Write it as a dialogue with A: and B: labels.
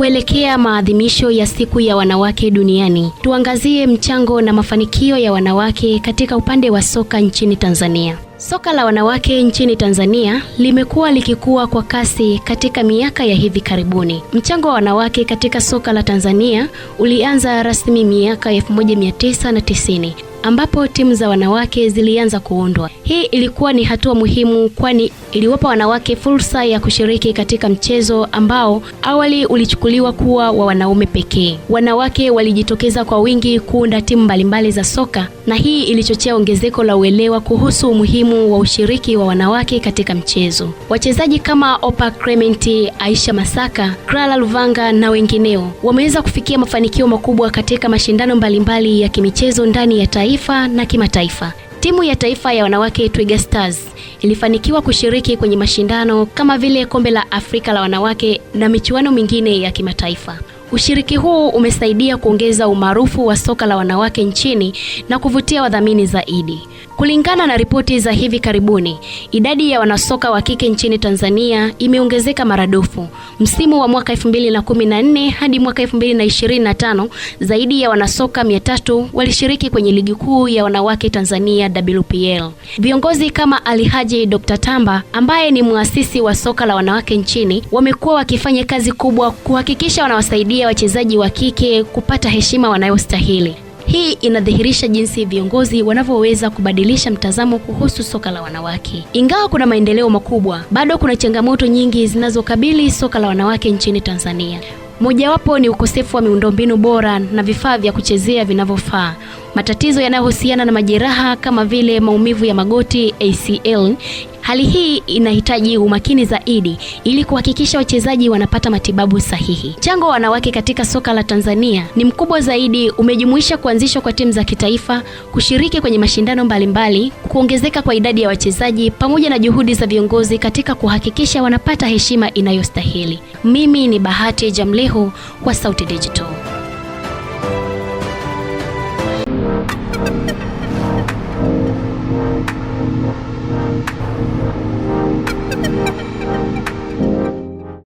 A: Kuelekea maadhimisho ya siku ya wanawake duniani, tuangazie mchango na mafanikio ya wanawake katika upande wa soka nchini Tanzania. Soka la wanawake nchini Tanzania limekuwa likikua kwa kasi katika miaka ya hivi karibuni. Mchango wa wanawake katika soka la Tanzania ulianza rasmi miaka 1990 ambapo timu za wanawake zilianza kuundwa. Hii ilikuwa ni hatua muhimu, kwani iliwapa wanawake fursa ya kushiriki katika mchezo ambao awali ulichukuliwa kuwa wa wanaume pekee. Wanawake walijitokeza kwa wingi kuunda timu mbalimbali za soka, na hii ilichochea ongezeko la uelewa kuhusu umuhimu wa ushiriki wa wanawake katika mchezo. Wachezaji kama Opa Clement, Aisha Masaka, Clara Luvanga na wengineo wameweza kufikia mafanikio makubwa katika mashindano mbalimbali ya kimichezo ndani ya taifa kitaifa na kimataifa. Timu ya taifa ya wanawake Twiga Stars ilifanikiwa kushiriki kwenye mashindano kama vile kombe la Afrika la wanawake na michuano mingine ya kimataifa. Ushiriki huu umesaidia kuongeza umaarufu wa soka la wanawake nchini na kuvutia wadhamini zaidi. Kulingana na ripoti za hivi karibuni, idadi ya wanasoka wa kike nchini Tanzania imeongezeka maradufu. Msimu wa mwaka 2014 hadi mwaka 2025, zaidi ya wanasoka 300 walishiriki kwenye ligi kuu ya wanawake Tanzania WPL. Viongozi kama Alhaji Dr. Tamba ambaye ni muasisi wa soka la wanawake nchini wamekuwa wakifanya kazi kubwa kuhakikisha wanawasaidia kusaidia wachezaji wa kike kupata heshima wanayostahili. Hii inadhihirisha jinsi viongozi wanavyoweza kubadilisha mtazamo kuhusu soka la wanawake. Ingawa kuna maendeleo makubwa, bado kuna changamoto nyingi zinazokabili soka la wanawake nchini Tanzania. Mojawapo ni ukosefu wa miundombinu bora na vifaa vya kuchezea vinavyofaa. Matatizo yanayohusiana na majeraha kama vile maumivu ya magoti ACL Hali hii inahitaji umakini zaidi ili kuhakikisha wachezaji wanapata matibabu sahihi. Mchango wa wanawake katika soka la Tanzania ni mkubwa zaidi, umejumuisha kuanzishwa kwa timu za kitaifa, kushiriki kwenye mashindano mbalimbali mbali, kuongezeka kwa idadi ya wachezaji pamoja na juhudi za viongozi katika kuhakikisha wanapata heshima inayostahili. Mimi ni Bahati Jamleho kwa Sauti Digital.